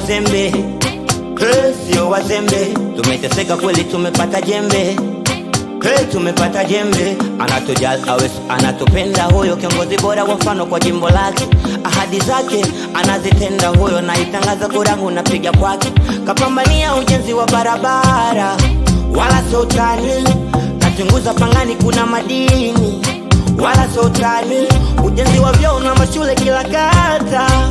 wazembe, hey, eh, sio wazembe. Tumeteseka kweli, tumepata jembe hey, eh, tumepata jembe. Anatujali awesu, anatupenda huyo kiongozi bora, kwa mfano kwa jimbo lake. Ahadi zake anazitenda huyo, naitangaza kurangu napiga kwake. Kapambania ujenzi wa barabara, wala sotani Kachunguza Pangani kuna madini, wala sotani Ujenzi wa vyoo na mashule kila kata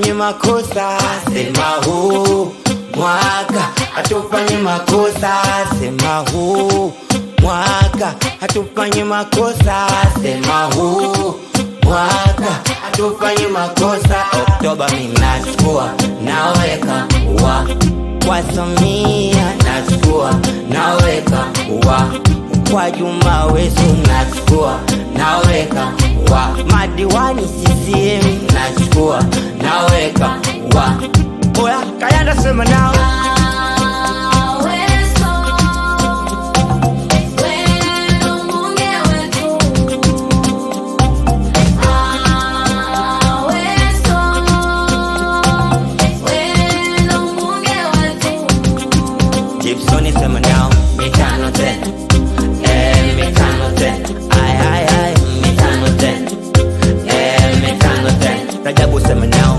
atufanye makosa, sema huu mwaka hatufanye makosa, sema huu mwaka atufanye makosa, sema huu mwaka atufanye makosa. Oktoba mimi naweka wa wasomia, nachukua naweka wa kwa Juma wesu nachukua naweka wa madiwani CCM, nachukua naweka wa oya Kayanda sema nao That was sema now